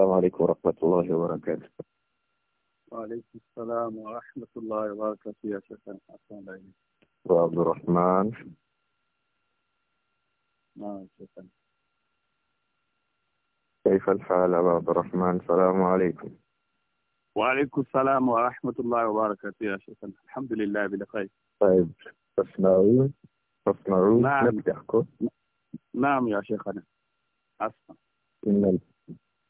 السلام عليكم ورحمة الله وبركاته وعليكم السلام ورحمة الله وبركاته يا شيخ السلام عليكم وعبد الرحمن نعم شيخ كيف الحال أبا عبد الرحمن السلام عليكم وعليكم السلام ورحمة الله وبركاته يا شيخ الحمد لله بلقاء طيب تسمعوني؟ تسمعوني؟ نعم نعم يا شيخنا أسمع إن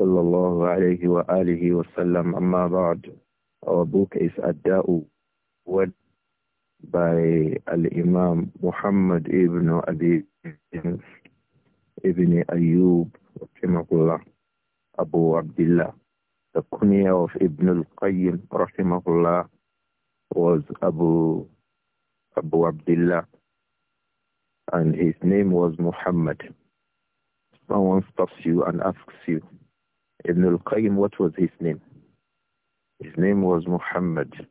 صلى الله عليه وآله وسلم أما بعد Our book is Ad-Da'u by Al-Imam Muhammad ibn Abi ibn Ayyub rahimahullah Abu Abdullah The kunya of Ibn al-Qayyim rahimahullah was Abu Abu Abdullah and his name was Muhammad. Someone stops you and asks you, Ibn al-Qayyim, what was his name? His name was Muhammad.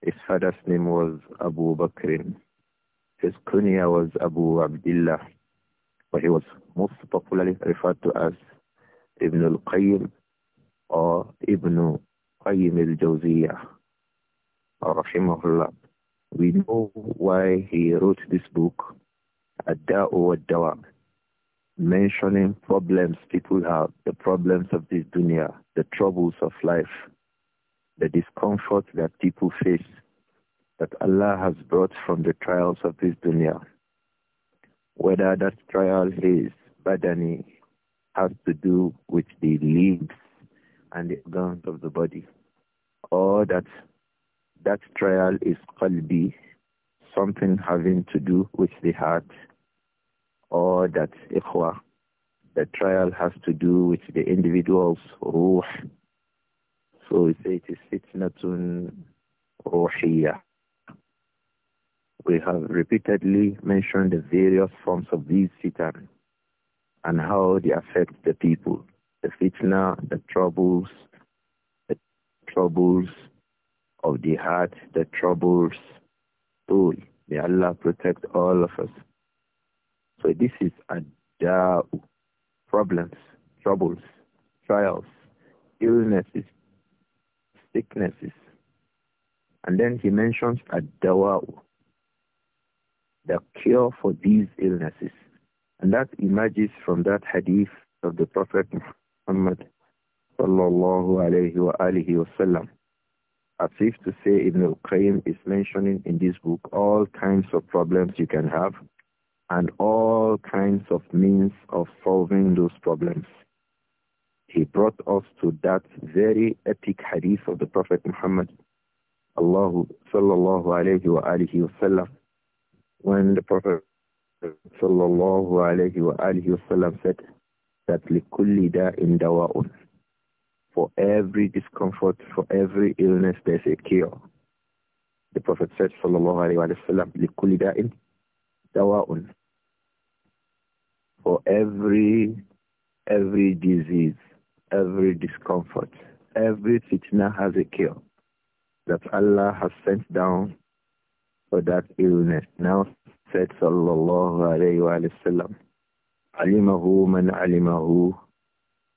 His father's name was Abu Bakr. His kunya was Abu Abdullah. But he was most popularly referred to as Ibn al-Qayyim or Ibn Qayyim al-Jawziyah. Rahimahullah. We know why he wrote this book, ad wa Dawab mentioning problems people have, the problems of this dunya, the troubles of life, the discomfort that people face that Allah has brought from the trials of this dunya. Whether that trial is badani has to do with the limbs and the organs of the body, or that that trial is qalbi, something having to do with the heart or that ikhwa, the trial has to do with the individual's ruh. So we say it is fitnatun ruhiyah. We have repeatedly mentioned the various forms of these fitan and how they affect the people. The fitna, the troubles, the troubles of the heart, the troubles soul. May Allah protect all of us. So this is adau, problems, troubles, trials, illnesses, sicknesses. And then he mentions adawa'u, the cure for these illnesses. And that emerges from that hadith of the Prophet Muhammad sallallahu alayhi wa alihi wasallam. As if to say Ibn al-Qayyim is mentioning in this book all kinds of problems you can have and all kinds of means of solving those problems. He brought us to that very epic hadith of the Prophet Muhammad sallallahu alayhi wa alihi wa sallam when the Prophet sallallahu alayhi wa alihi wa sallam said that لِكُلِّ دَاءٍ دَوَاءٌ For every discomfort, for every illness, there's a cure. The Prophet said sallallahu alayhi wa sallam لِكُلِّ دَاءٍ sawa'un. For every, every disease, every discomfort, every fitna has a cure that Allah has sent down for that illness. Now said sallallahu alayhi wa sallam, alimahu man alimahu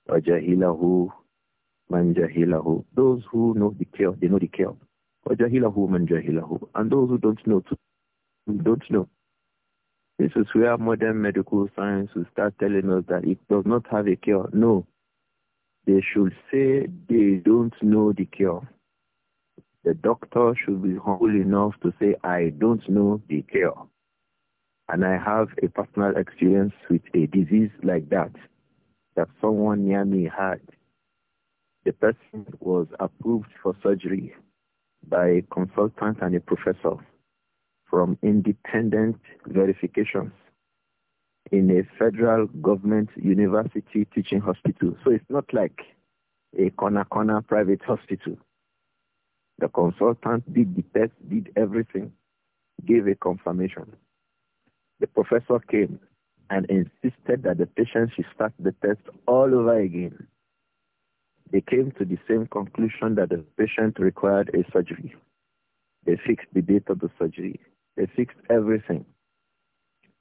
wa jahilahu man jahilahu. Those who know the cure, they know the cure. Wa jahilahu man jahilahu. And those who don't know, too, don't know. This is where modern medical science will start telling us that it does not have a cure. No. They should say they don't know the cure. The doctor should be humble enough to say, I don't know the cure. And I have a personal experience with a disease like that, that someone near me had. The person was approved for surgery by a consultant and a professor from independent verifications in a federal government university teaching hospital. So it's not like a corner-corner private hospital. The consultant did the test, did everything, gave a confirmation. The professor came and insisted that the patient should start the test all over again. They came to the same conclusion that the patient required a surgery. They fixed the date of the surgery. They fixed everything.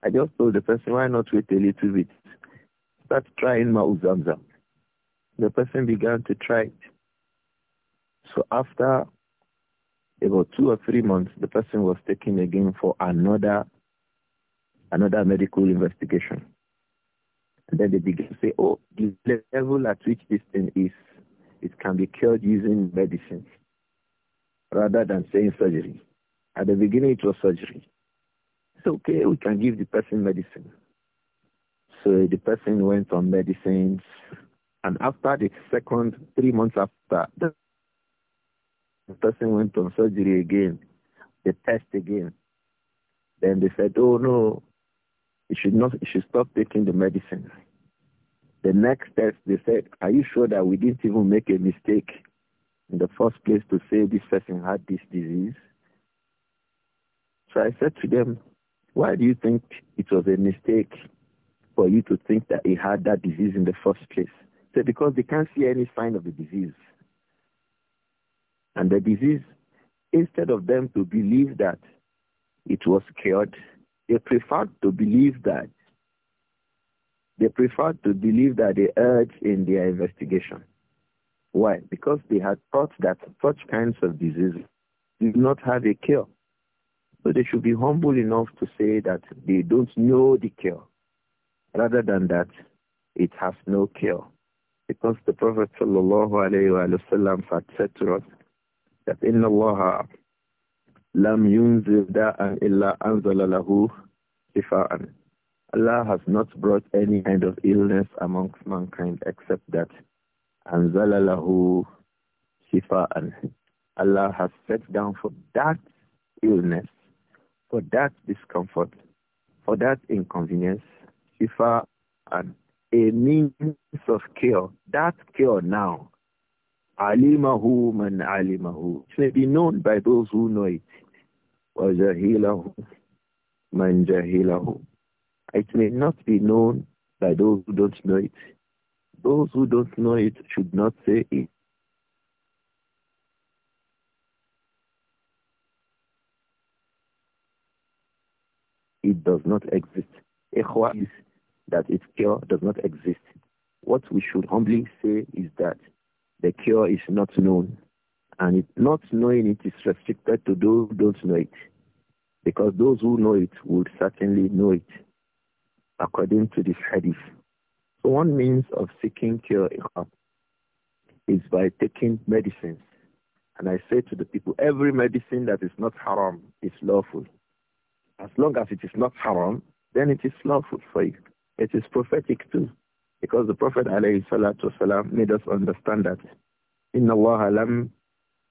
I just told the person, why not wait a little bit? Start trying Ma'u Zamzam. The person began to try it. So after about two or three months, the person was taken again for another another medical investigation. And then they began to say, oh, the level at which this thing is, it can be cured using medicine rather than saying surgery. At the beginning, it was surgery. It's okay, we can give the person medicine. So the person went on medicines. And after the second, three months after, the person went on surgery again, the test again. Then they said, oh no, you should not, you should stop taking the medicine. The next test, they said, are you sure that we didn't even make a mistake in the first place to say this person had this disease? So I said to them, why do you think it was a mistake for you to think that he had that disease in the first place? said, because they can't see any sign of the disease. And the disease, instead of them to believe that it was cured, they preferred to believe that they preferred to believe that they erred in their investigation. Why? Because they had thought that such kinds of diseases did not have a cure. So they should be humble enough to say that they don't know the cure, rather than that it has no cure. Because the Prophet wasallam had said to us that in Allah lam illa shifa'an. Allah has not brought any kind of illness amongst mankind except that anzala lahu shifa'an. Allah has set down for that illness for that discomfort, for that inconvenience, if and a means of cure. That cure now, alimahu man alimahu, it may be known by those who know it. وَجَهِلَهُ man جَهِلَهُ It may not be known by those who don't know it. Those who don't know it should not say it it does not exist. Ikhwa is that its cure does not exist. What we should humbly say is that the cure is not known. And it, not knowing it is restricted to those who don't know it. Because those who know it would certainly know it, according to this hadith. So one means of seeking cure is by taking medicines. And I say to the people, every medicine that is not haram is lawful. As long as it is not haram, then it is lawful for you. It is prophetic too. Because the Prophet والسلام, made us understand that inna اللَّهَ لَمْ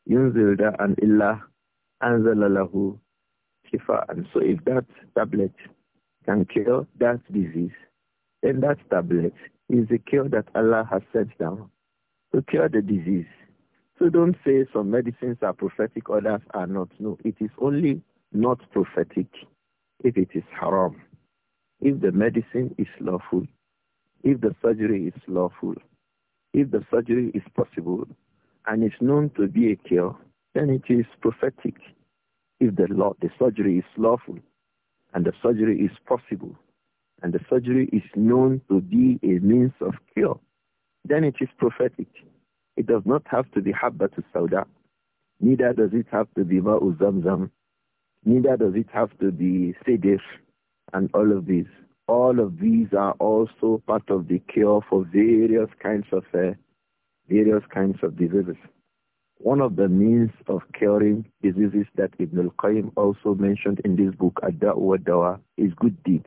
يُنزِلْ an illa anzalalahu لَهُ And So if that tablet can cure that disease, then that tablet is the cure that Allah has sent down to cure the disease. So don't say some medicines are prophetic, others are not. No, it is only not prophetic if it is haram, if the medicine is lawful, if the surgery is lawful, if the surgery is possible and is known to be a cure, then it is prophetic. If the, law, the surgery is lawful and the surgery is possible and the surgery is known to be a means of cure, then it is prophetic. It does not have to be to Sauda, neither does it have to be Ma'u Zamzam, Neither does it have to be sedif and all of these. All of these are also part of the cure for various kinds of uh, various kinds of diseases. One of the means of curing diseases that Ibn al-Qayyim also mentioned in this book, Ad-Da'u wa Dawa, is good deeds.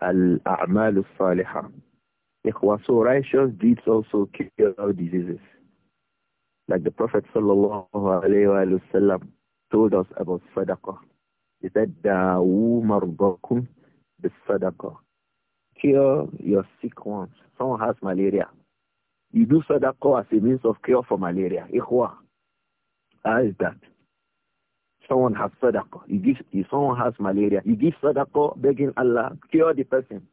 Al-A'mal al-Salihah. So righteous deeds also cure diseases. Like the Prophet sallallahu alayhi wa sallam told us about sadaqah. He said, Da'u marbakum bis sadaqah. Cure your sick ones. Someone has malaria. You do sadaqah as a means of cure for malaria. Ikhwa. How is that? Someone has sadaqah. You give, if someone has malaria, you give sadaqah begging Allah, cure the person.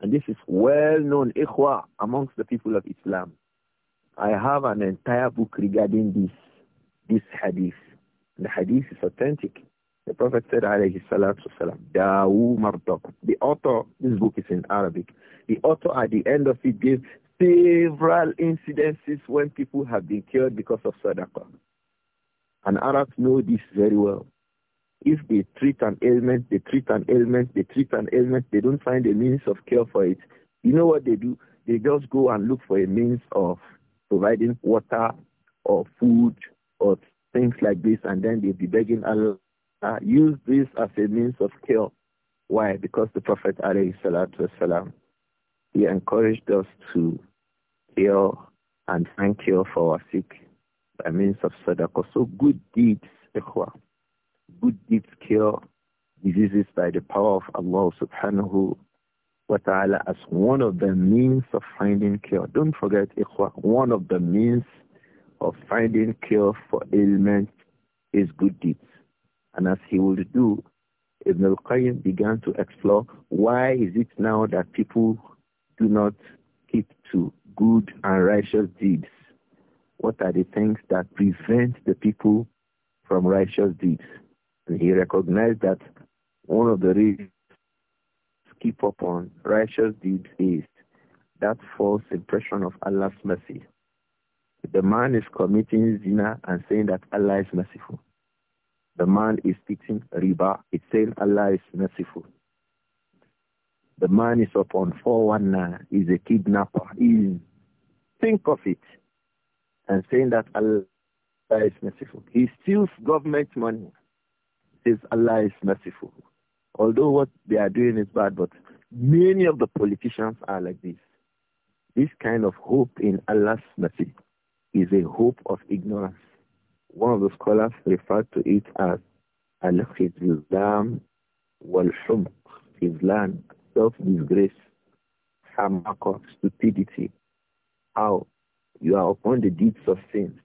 And this is well known, ikhwa, amongst the people of Islam. I have an entire book regarding this, this hadith. The hadith is authentic. The Prophet said, alayhi salatu salam, Dawu Martok. The author, this book is in Arabic. The author at the end of it gives several incidences when people have been killed because of sadaqah. And Arabs know this very well. If they treat an ailment, they treat an ailment, they treat an ailment, they don't find a means of cure for it. You know what they do? They just go and look for a means of providing water or food or things like this, and then they'll be begging Allah, use this as a means of cure. Why? Because the Prophet والسلام, he encouraged us to cure and find cure for our sick by means of sadaqah. So good deeds, ikhwa, good deeds cure diseases by the power of Allah subhanahu wa ta'ala as one of the means of finding cure. Don't forget, ikhwa, one of the means of finding cure for ailments is good deeds. And as he would do, Ibn al-Qayyim began to explore why is it now that people do not keep to good and righteous deeds? What are the things that prevent the people from righteous deeds? And he recognized that one of the reasons to keep upon righteous deeds is that false impression of Allah's mercy. The man is committing zina and saying that Allah is merciful. The man is eating riba. It's saying Allah is merciful. The man is upon 419, is a kidnapper. He's, think of it and saying that Allah is merciful. He steals government money. Says Allah is merciful. Although what they are doing is bad, but many of the politicians are like this. This kind of hope in Allah's mercy is a hope of ignorance. One of the scholars referred to it as al-khizlam wal-humq, Islam, self-disgrace, of stupidity. How you are upon the deeds of sin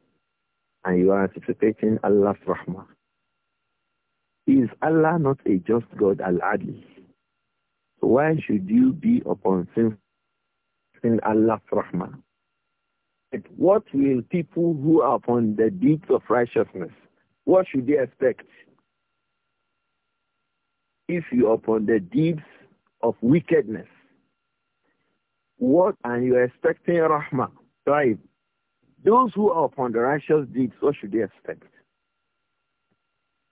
and you are anticipating Allah's rahmah. Is Allah not a just God, al adl So why should you be upon sin, sin Allah's rahmah? What will people who are upon the deeds of righteousness, what should they expect? If you are upon the deeds of wickedness, what are you expecting rahmah, right? Those who are upon the righteous deeds, what should they expect?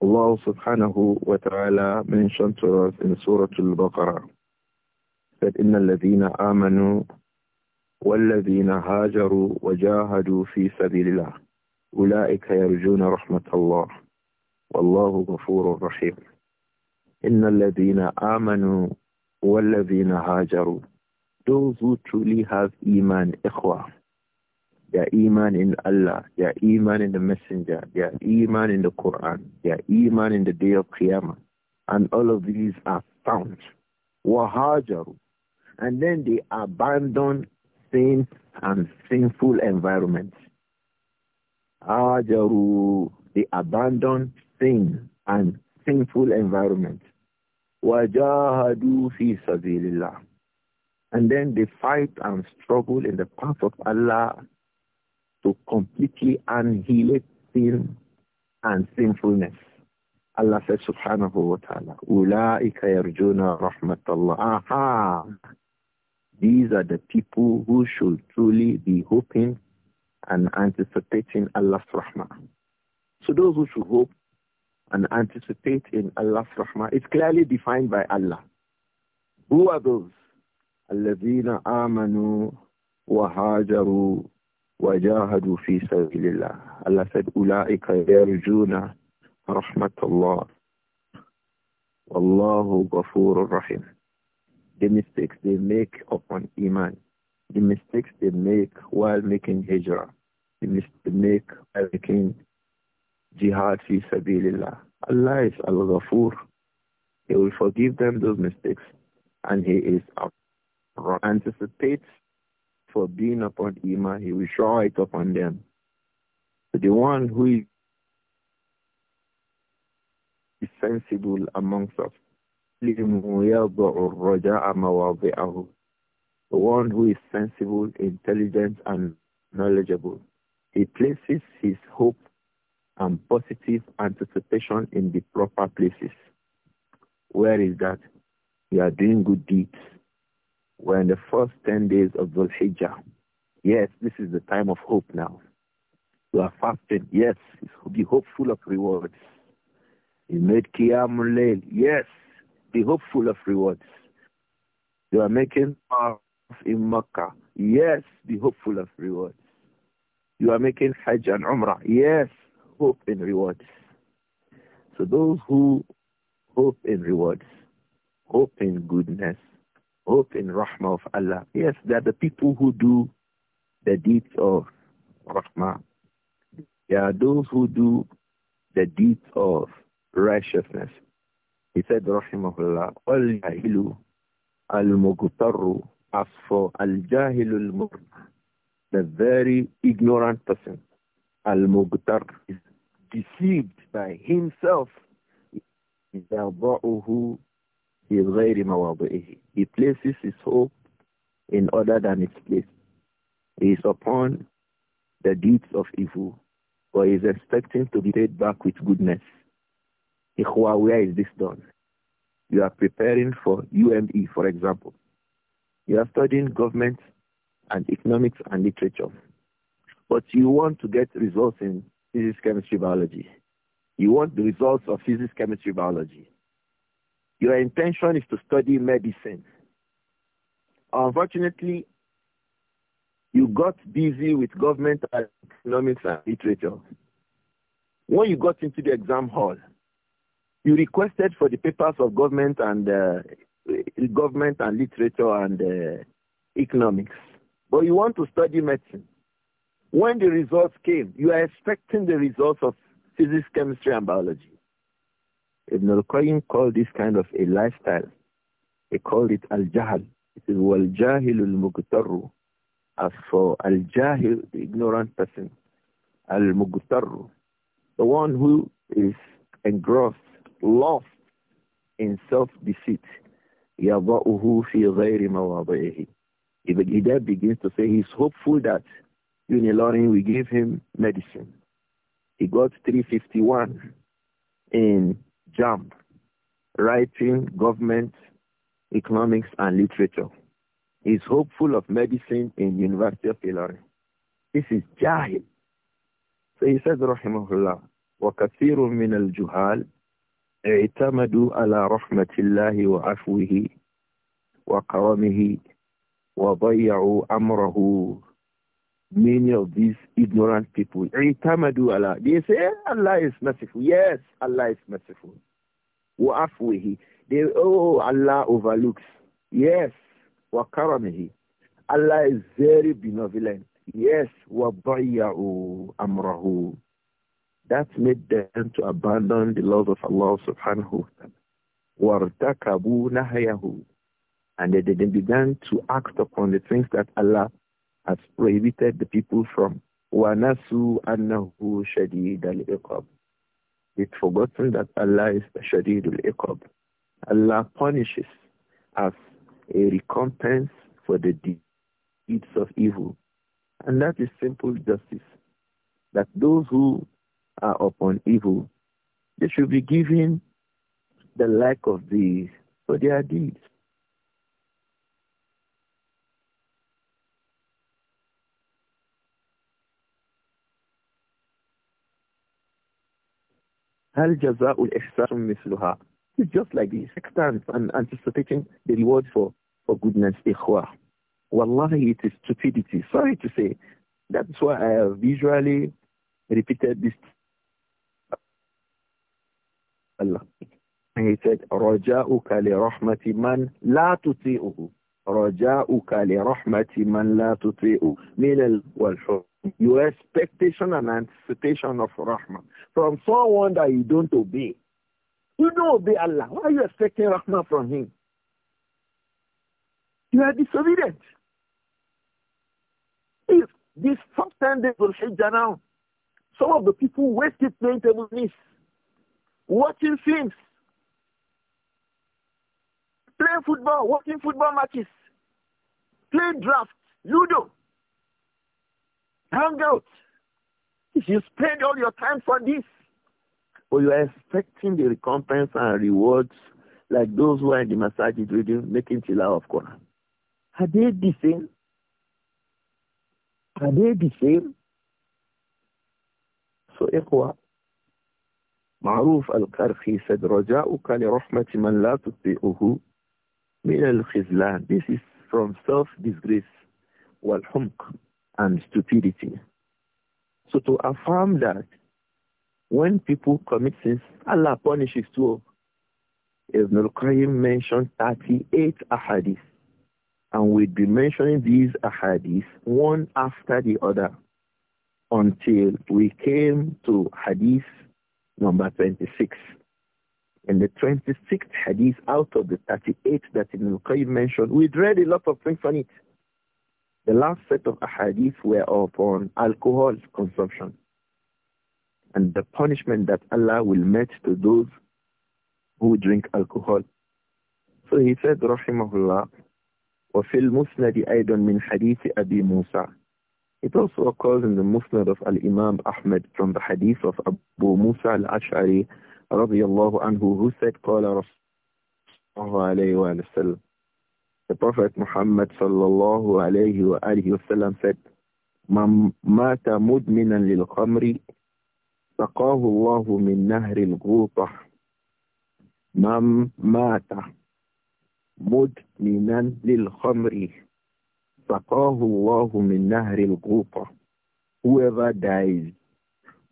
Allah subhanahu wa ta'ala mentioned to us in Surah Al-Baqarah that إِنَّ ladina Amanu. والذين هاجروا وجاهدوا في سبيل الله أولئك يرجون رحمة الله والله غفور رحيم إن الذين آمنوا والذين هاجروا those who truly have iman ikhwa their iman in Allah their iman in the messenger their iman in the Quran their iman in the day of Qiyamah and all of these are found wahajaru and then they abandon sin and sinful environment. Ajaru, they abandoned sin and sinful environment. Wajahadu fi sabilillah. And then they fight and struggle in the path of Allah to completely annihilate sin and sinfulness. Allah says subhanahu wa ta'ala, Ula'ika yarjuna rahmatallah. Aha! These are the people who should truly be hoping and anticipating Allah's rahmah. So those who should hope and anticipate in Allah's rahmah, it's clearly defined by Allah. Who are those? الذين آمنوا وهاجروا وجاهدوا في سبيل الله الله said أولئك يرجون رحمة الله والله غفور رحيم the mistakes they make upon Iman, the mistakes they make while making Hijrah, the mistakes they make while making Jihad fi Sabilillah. Allah is Al-Ghafur. He will forgive them those mistakes and He is anticipates for being upon Iman, He will show it upon them. the one who is sensible amongst us يضع الرجاء مواضعه the one who is sensible, intelligent, and knowledgeable. He places his hope and positive anticipation in the proper places. Where is that? You are doing good deeds. We're in the first 10 days of Dhul Hijjah. Yes, this is the time of hope now. You are fasting. Yes, be hopeful of rewards. You made Qiyamul Layl. Yes, be hopeful of rewards. you are making tawaf in Makkah. Yes, be hopeful of rewards. You are making Hajj and Umrah. Yes, hope in rewards. So those who hope in rewards, hope in goodness, hope in Rahmah of Allah. Yes, they are the people who do the deeds of Rahmah. They are those who do the deeds of righteousness. He said, Rahimahullah, Al Jahilu Al Mugutaru as for Al Jahilul Mur, the very ignorant person, Al Mugtar is deceived by himself. He places his hope in other than its place. He is upon the deeds of evil, but he is expecting to be paid back with goodness. Ikhwa, where is this done? You are preparing for UME, for example. You are studying government and economics and literature. But you want to get results in physics, chemistry, biology. You want the results of physics, chemistry, biology. Your intention is to study medicine. Unfortunately, you got busy with government and economics and literature. When you got into the exam hall, you requested for the papers of government and uh, government and literature and uh, economics, but you want to study medicine. When the results came, you are expecting the results of physics, chemistry, and biology. Ibn al-Qayyim called this kind of a lifestyle. He called it al-jahal. It is wal-jahil al-muqtarru. As for al-jahil, the ignorant person, al-muqtarru, the one who is engrossed lost in self-deceit. يَضَعُهُ فِي غَيْرِ مَوَضِعِهِ If a leader begins to say he's hopeful that Unilorin will give him medicine. He got 351 in JAMP, Writing, Government, Economics and Literature. He's hopeful of medicine in University of Ilorin. This is Jahil. So he says, Rahimahullah, وَكَثِيرٌ مِنَ الْجُهَالِ اعتمدوا على رحمة الله وعفوه وكرمه وضيعوا أمره many of these ignorant people. Itamadu Allah. They say Allah is merciful. Yes, Allah is merciful. وعفوه. They, oh, Allah overlooks. Yes. Wa Allah is very benevolent. Yes. وضيعوا أمره. That made them to abandon the laws of Allah subhanahu wa ta'ala. And they, they began to act upon the things that Allah has prohibited the people from. ونسوا الْإِقَابِ They'd forgotten that Allah is al الْإِقَابِ Allah punishes as a recompense for the deeds of evil. And that is simple justice, that those who are upon evil, they should be given the like of these for their deeds. هل جزاء الإحسان misluha. It's just like the sextant and anticipating the reward for, for goodness, ikhwah. Wallahi, it is stupidity. Sorry to say. That's why I have visually repeated this الله And he said, رَجَاءُكَ لِرَحْمَةِ مَنْ لَا تطيعه رجاؤك لِرَحْمَةِ مَنْ لَا تطيعه مِنَ والحب Your expectation and anticipation of rahmah from someone that you don't obey. You don't obey Allah. Why are you expecting rahmah from him? You are disobedient. If this first time they will Hijjah now, some of the people wasted playing table miss watching films, playing football, watching football matches, playing draft, ludo, hang out. If you spend all your time for this, but you are expecting the recompense and rewards like those who are in the masajid reading, making chila of Quran. Are they the same? Are they the same? So, Ikhwa, Ma'ruf al said, رَجَاءُكَ لِرَحْمَةِ مَنْ لَا تُطِئُهُ مِنَ الْخِزْلَانِ This is from self-disgrace, wal and stupidity. So to affirm that when people commit sins, Allah punishes too. Ibn al-Qayyim mentioned 38 ahadith. And we would be mentioning these ahadith one after the other until we came to hadith number 26. In the 26th hadith out of the 38 that Ibn Qayyim mentioned, we read a lot of things on it. The last set of hadiths were upon alcohol consumption and the punishment that Allah will met to those who drink alcohol. So he said, رحمه الله, وفي المسند أيضا من حديث أبي موسى it also occurs in the Musnad of Al-Imam Ahmad from the hadith of Abu Musa al-Ash'ari radiyallahu anhu who said, Qala Rasulullah عَلَيْهِ wa sallam. The Prophet Muhammad sallallahu alayhi wa alihi wa sallam said, من مات مدمنا لِلْقَمْرِ سقاه الله من نهر الغوطة من مات مدمنا لِلْقَمْرِ.'" سقاه min nahri al الغوطة whoever dies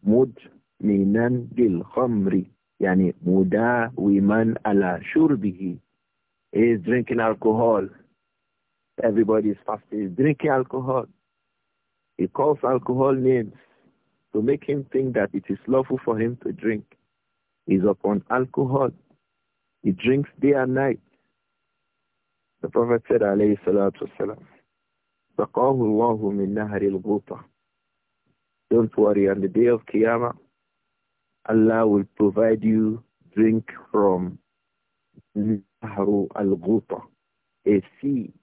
مدمنا بالخمر يعني مداوما على شربه he is drinking alcohol everybody is fasting is drinking alcohol he calls alcohol names to make him think that it is lawful for him to drink is upon alcohol he drinks day and night the prophet said alayhi salatu wasalam سقاه الله من نهر الغوطة Don't worry, on the day of Qiyamah, Allah will provide you drink from Nahru al-Ghuta, a sea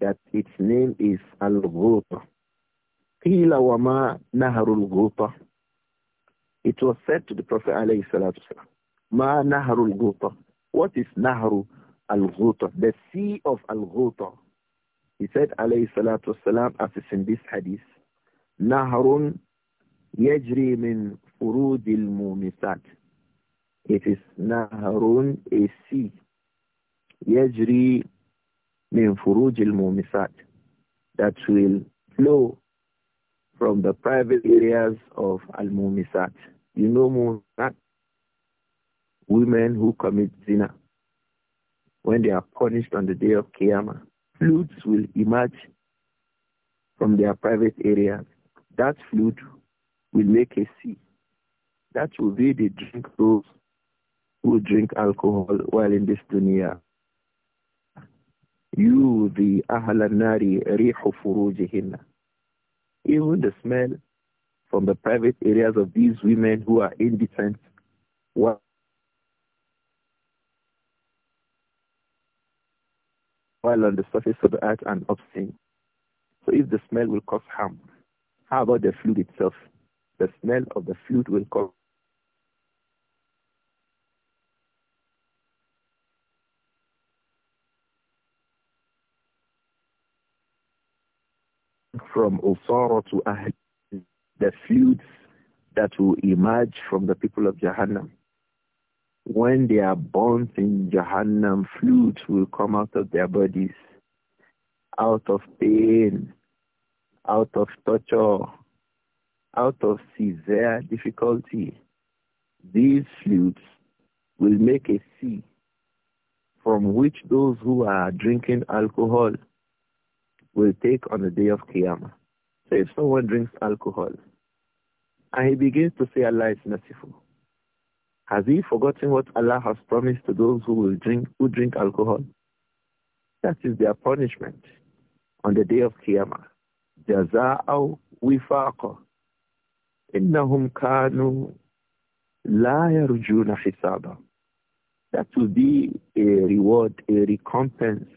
that its name is al-Ghuta. Qila wa ma al-Ghuta. It was said to the Prophet alayhi salatu ma Nahru al-Ghuta. What is Nahru al-Ghuta? The sea of al-Ghuta. He said, alayhi salatu wasalam, as is in this hadith, Naharun yajri min furudil mumisat. It is Naharun, a sea, yajri min furujil mumisat, that will flow from the private areas of al-mumisat. You know mumisat? Women who commit zina when they are punished on the day of Qiyamah fluids will emerge from their private areas. That fluid will make a sea. That will be the drink those who drink alcohol while in this dunya. You, the ahalanari rihu furujihinna. Even the smell from the private areas of these women who are indecent, while while on the surface of the earth and obscene. So if the smell will cause harm, how about the fluid itself? The smell of the fluid will cause from Usara to Ahed, the feuds that will emerge from the people of Jahannam when they are burnt in Jahannam, fluids will come out of their bodies, out of pain, out of torture, out of severe difficulty. These fluids will make a sea from which those who are drinking alcohol will take on the day of Qiyamah. So if someone drinks alcohol and he begins to say Allah is merciful, has he forgotten what Allah has promised to those who will drink who drink alcohol? That is their punishment on the day of Qiyamah. Jaza'u wifaqa. Innahum kanu la yarjuna hisaba. That will be a reward, a recompense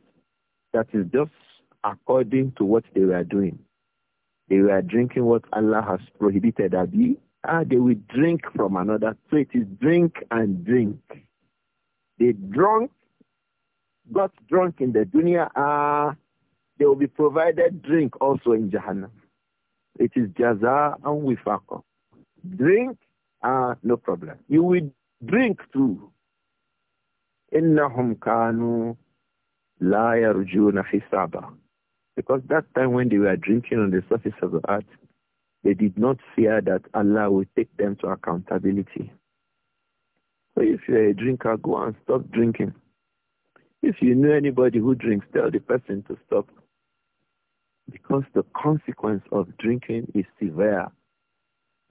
that is just according to what they were doing. They were drinking what Allah has prohibited, Abi, Ah, they will drink from another. So it is drink and drink. They drunk, got drunk in the dunya. Ah, they will be provided drink also in Jahannam. It is jaza and wifaqa. Drink, ah, no problem. You will drink too. Innahum كانوا la yarjuna حسابا because that time when they were drinking on the surface of the earth, they did not fear that Allah will take them to accountability. So if you're a drinker, go and stop drinking. If you know anybody who drinks, tell the person to stop. Because the consequence of drinking is severe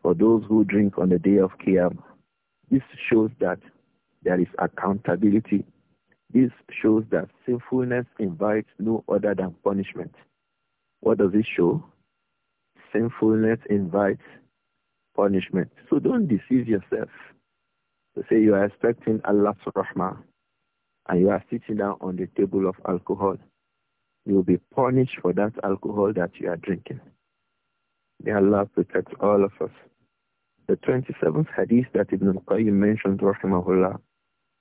for those who drink on the day of Qiyamah. This shows that there is accountability. This shows that sinfulness invites no other than punishment. What does it show? sinfulness invites punishment. So don't deceive yourself to say you are expecting Allah's rahmah and you are sitting down on the table of alcohol. You will be punished for that alcohol that you are drinking. May Allah protect all of us. The 27th hadith that Ibn qayyim mentioned, rahimahullah,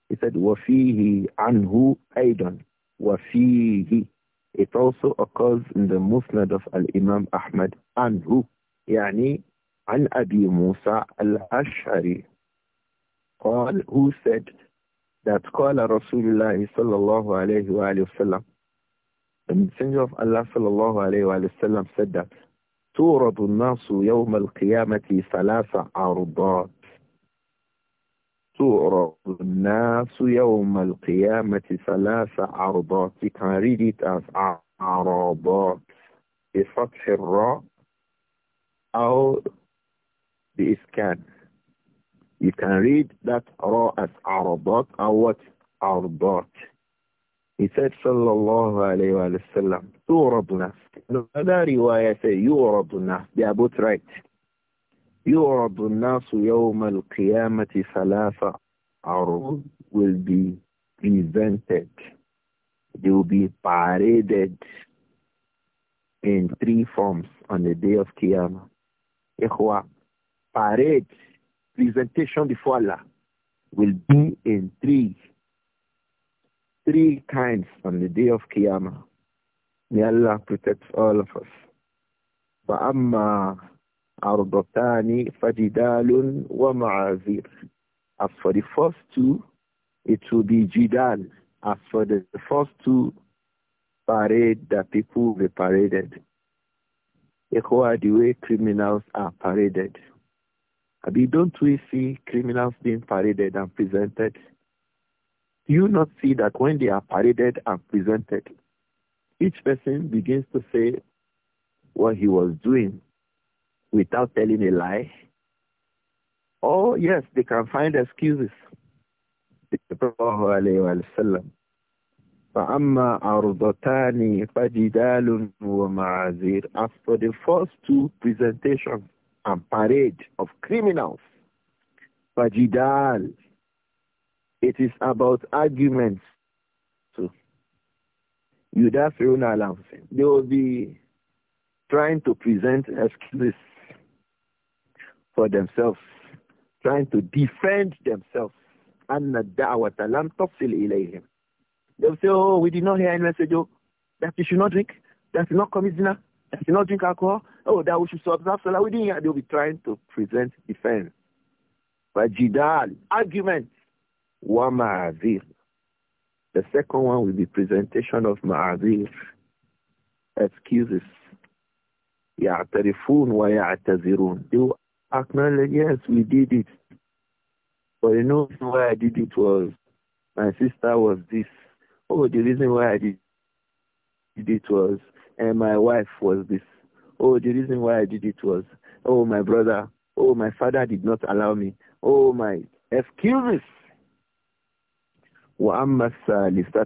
he said, وَفِيهِ عَنْهُ أَيْضًا وَفِيهِ it also occurs in the Musnad of Al-Imam Ahmad Anhu, yani an Abi Musa Al-Ash'ari. all who said that قال رسول الله صلى الله عليه وآله وسلم the messenger of Allah صلى الله عليه وآله وسلم said that تورد الناس يوم القيامة ثلاثة عرضات تعرض الناس يوم القيامة ثلاث عرضات You can عرضات بفتح الراء أو بإسكان You can read that ra as عرضات أو what عرضات He said صلى الله عليه وآله وسلم تعرض الناس Another رواية say يعرض الناس They are both right يُعْرَضُ النَّاسُ يَوْمَ الْقِيَامَةِ ثَلَاثَ عَرُضٍ will be presented. They will be paraded in three forms on the day of Qiyamah. Ikhwa, parade, presentation before Allah will be in three, three kinds on the day of Qiyamah. May Allah protect all of us. فأما Fajidalun wa ومعاذير As for the first two, it will be jidal. As for the first two parade that people will be paraded. Echoa, the way criminals are paraded. I mean, don't we see criminals being paraded and presented? Do you not see that when they are paraded and presented, each person begins to say what he was doing without telling a lie. Or oh, yes, they can find excuses. As for the first two presentations and parade of criminals, It is about arguments. So, They will be trying to present excuses for themselves, trying to defend themselves. and the لم تصل they They'll say, oh, we did not hear any message, oh, that you should not drink, that you not commit zina, that you not drink alcohol, oh, that we should observe salah. We didn't hear. They'll be trying to present defense. But jidal, argument, wa ma'azir. The second one will be presentation of ma'azir, excuses. يعترفون ويعتذرون. They will acknowledge, yes, we did it. But the know reason why I did it was my sister was this. Oh, the reason why I did it was, and my wife was this. Oh, the reason why I did it was, oh, my brother, oh, my father did not allow me. Oh, my excuses. وأما الثالثة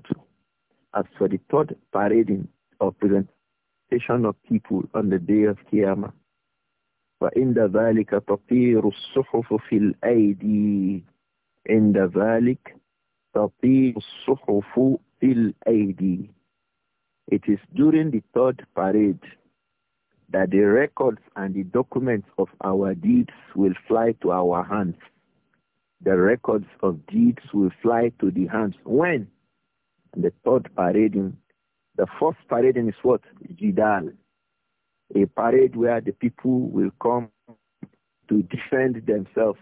as for the third parading or presentation of people on the day of Qiyamah, فعند ذلك تطير الصحف في الأيدي عند ذلك تطير الصحف في الأيدي It is during the third parade that the records and the documents of our deeds will fly to our hands. The records of deeds will fly to the hands. When? The third parading. The first parading is what? Jidal a parade where the people will come to defend themselves.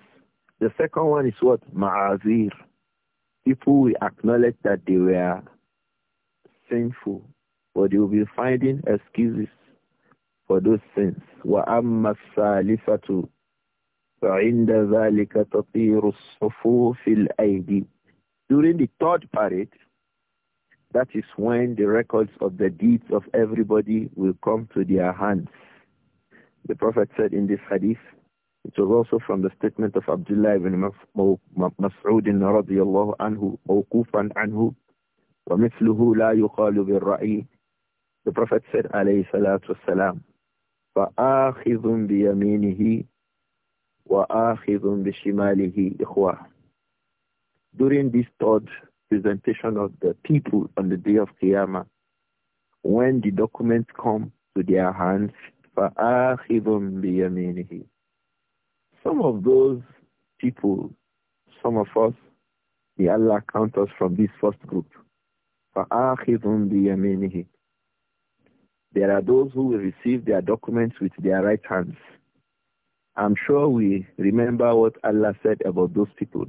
The second one is what? Ma'azir. People will acknowledge that they were sinful, but they will be finding excuses for those sins. وَأَمَّا فَعِنْدَ ذَلِكَ تَطِيرُ الصُّفُوفِ During the third parade, that is when the records of the deeds of everybody will come to their hands. The Prophet said in this hadith, it was also from the statement of Abdullah ibn Mas'ud radiyallahu anhu, mawkufan anhu, ومثله لا يقال بالرأي The Prophet said, alayhi salatu wasalam, فَآخِذٌ بِيَمِينِهِ وَآخِذٌ بِشِمَالِهِ إِخْوَةٌ During this third presentation of the people on the day of Qiyamah. When the documents come to their hands, some of those people, some of us, may Allah count us from this first group. There are those who will receive their documents with their right hands. I'm sure we remember what Allah said about those people.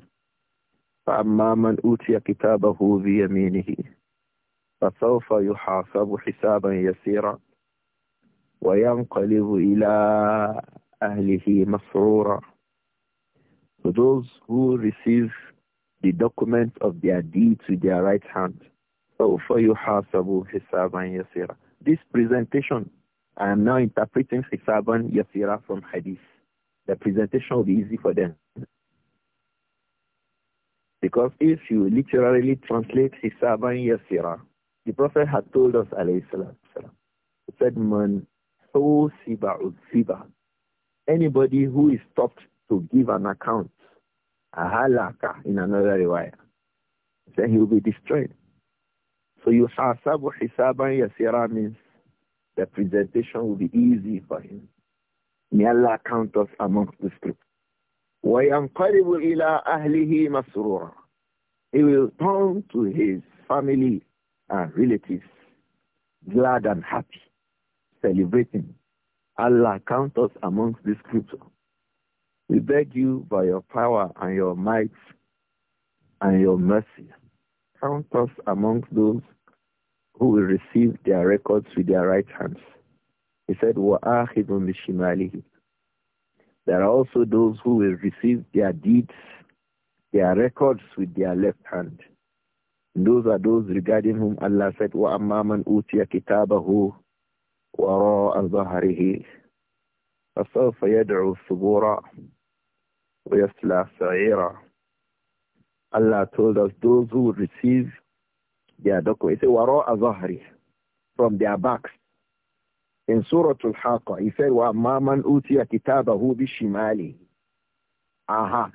فأما من أوتي كتابه بيمينه فسوف يحاسب حسابا يسيرا وينقلب إلى أهله مسرورا For those who receive the document of their deeds with their right hand, فَيُحَاسَبُ حِسَابًا يَسِيرًا This presentation, I am now interpreting Hisaban Yasira from Hadith. The presentation will be easy for them. Because if you literally translate hisaban yasira, the Prophet had told us, salam, said, man siba siba. Anybody who is stopped to give an account, ahalaka, in another riwayah, then he will be destroyed. So you hasabu hisaban yasira means the presentation will be easy for him. May Allah count us amongst the script. وَيَنْقَلِبُ إِلَىٰ أَهْلِهِ مَسْرُورًا He will turn to his family and relatives glad and happy, celebrating. Allah count us amongst this group. We beg you by your power and your might and your mercy, count us amongst those who will receive their records with their right hands. He said, وَآخِذٌ بِشِمَالِهِ there are also those who will receive their deeds, their records with their left hand. And those are those regarding whom Allah said, وَأَمَّا مَنْ أُوتِيَ كِتَابَهُ وَرَاءَ ظَهْرِهِ فسوف يدعو الصُّبُورَ ويصلى سعيرا Allah told us those who receive their documents, said, وَرَاءَ ظَهْرِهِ from their backs, in Surah Al-Haqqa, he said, وَأَمَّا مَنْ أُوتِيَ كِتَابَهُ بِشِمَالِهِ Aha.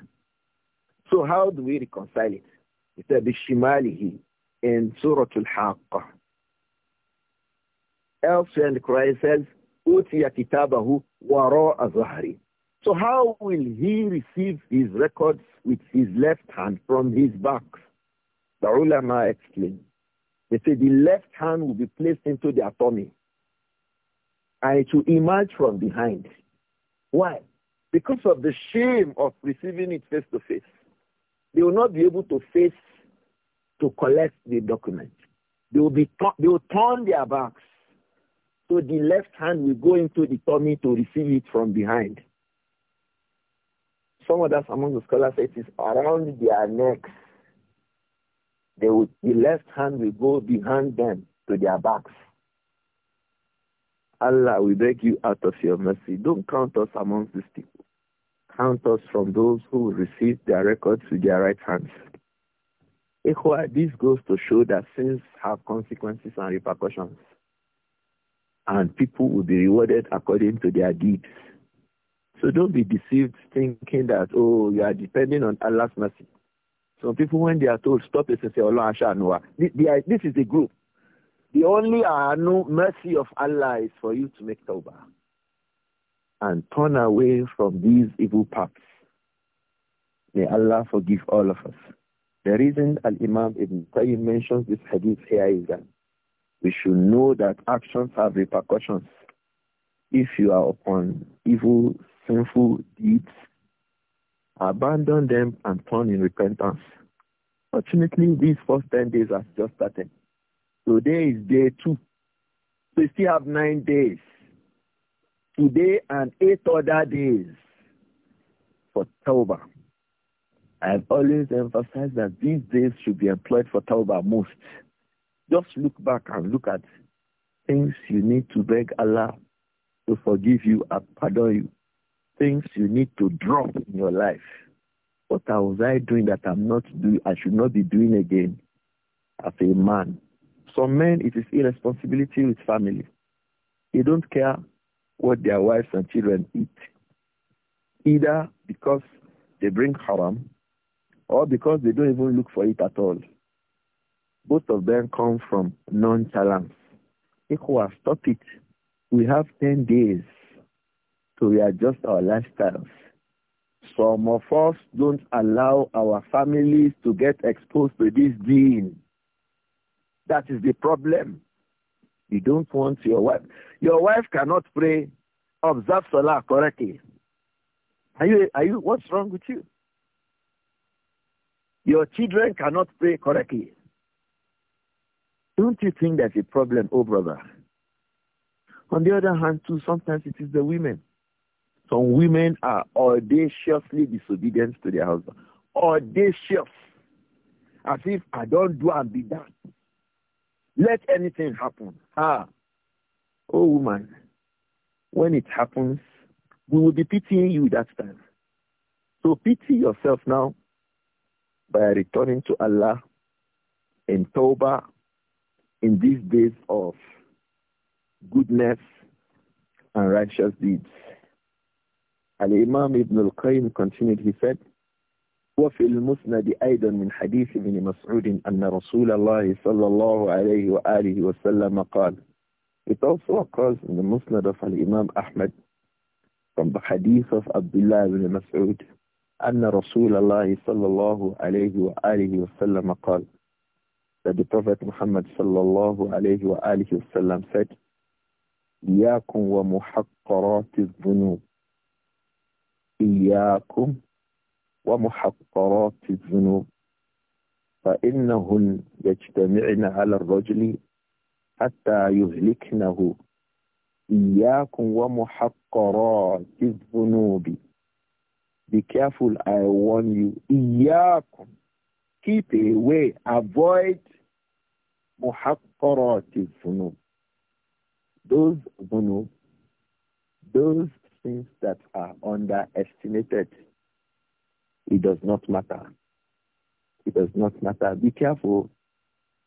So how do we reconcile it? He said, بِشِمَالِهِ in Surah Al-Haqqa. Elsewhere in the Quran says, أُوتِيَ kitabahu wara ظَهْرِ So how will he receive his records with his left hand from his back? The ulama explained. They say the left hand will be placed into the atomy and it will emerge from behind. Why? Because of the shame of receiving it face to face. They will not be able to face to collect the document. They will, be they will turn their backs. So the left hand will go into the tummy to receive it from behind. Some others among the scholars say it is around their necks. They will, the left hand will go behind them to their backs. Allah, we beg you out of your mercy. Don't count us amongst these people. Count us from those who receive their records with their right hands. this goes to show that sins have consequences and repercussions. And people will be rewarded according to their deeds. So don't be deceived thinking that, oh, you are depending on Allah's mercy. Some people, when they are told, stop, they say, Allah, Asha, This is the group. The only mercy of Allah is for you to make tawbah and turn away from these evil paths. May Allah forgive all of us. The reason Al-Imam Ibn Qayyim mentions this hadith here is that we should know that actions have repercussions. If you are upon evil, sinful deeds, abandon them and turn in repentance. Fortunately, these first 10 days have just started. Today is day two. We still have nine days. Today and eight other days for Tauba. I have always emphasized that these days should be employed for Tauba most. Just look back and look at things you need to beg Allah to forgive you and pardon you. Things you need to drop in your life. What was I doing that I'm not doing, I should not be doing again as a man Some men, it is irresponsibility with family. They don't care what their wives and children eat, either because they bring haram or because they don't even look for it at all. Both of them come from non-chalans. nonchalance. Equal, stop it. We have 10 days to readjust our lifestyles. Some of us don't allow our families to get exposed to this gene. That is the problem. You don't want your wife. Your wife cannot pray, observe Salah correctly. Are you, are you, what's wrong with you? Your children cannot pray correctly. Don't you think that's a problem, oh brother? On the other hand, too, sometimes it is the women. Some women are audaciously disobedient to their husband. Audacious. As if I don't do and be done. Let anything happen. Ah, oh woman, when it happens, we will be pitying you that time. So pity yourself now by returning to Allah in Tawbah in these days of goodness and righteous deeds. Al-Imam Ibn al-Qayyim continued, he said, وفي المسند أيضا من حديث ابن مسعود أن رسول الله صلى الله عليه وآله وسلم قال It also occurs in the Musnad of imam Ahmad from the hadith of Abdullah ibn Mas'ud أن رسول الله صلى الله عليه وآله وسلم قال that the Prophet Muhammad صلى الله عليه وآله وسلم said إياكم ومحقرات الذنوب إياكم ومحقرات الذنوب فإنهن يجتمعن على الرجل حتى يهلكنه إياكم ومحقرات الذنوب Be careful, I warn you. إياكم Keep away, avoid محقرات الذنوب Those ذنوب, those things that are underestimated It does not matter. It does not matter. Be careful.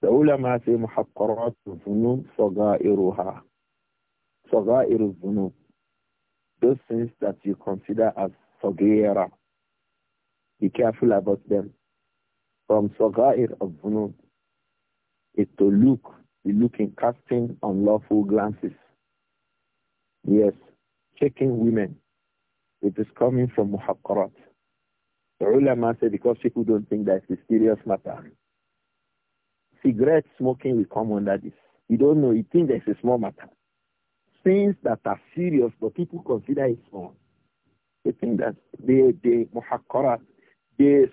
The ulama say muhaqqarat dhunub sagairuha. Sagairu dhunub. Those things that you consider as sagira. Be careful about them. From sagair of dhunub is to look, be looking, casting unlawful glances. Yes, checking women. It is coming from muhaqqarat. The ulama said because people don't think that it's a serious matter. Cigarette smoking will come under this. You don't know, you think that it's a small matter. Things that are serious, but people consider it small. They think that they, they, muhakkara, they,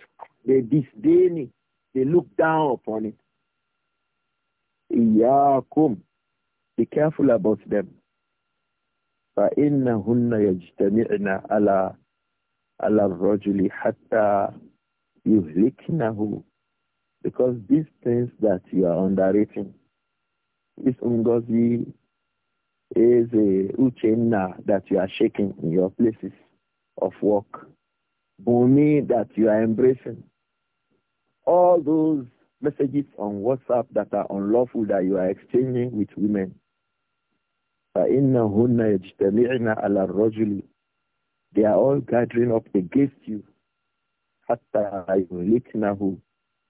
they disdain it. They look down upon it. Iyakum. Be careful about them. فَإِنَّهُنَّ يَجْتَمِعْنَ عَلَى ala rajuli hatta yuhliknahu. Because these things that you are underrating, this ungozi is a uchenna that you are shaking in your places of work, bumi that you are embracing, all those messages on WhatsApp that are unlawful that you are exchanging with women. فَإِنَّهُنَّ يَجْتَمِعْنَ عَلَى الرَّجُلِ they are all gathering up against you.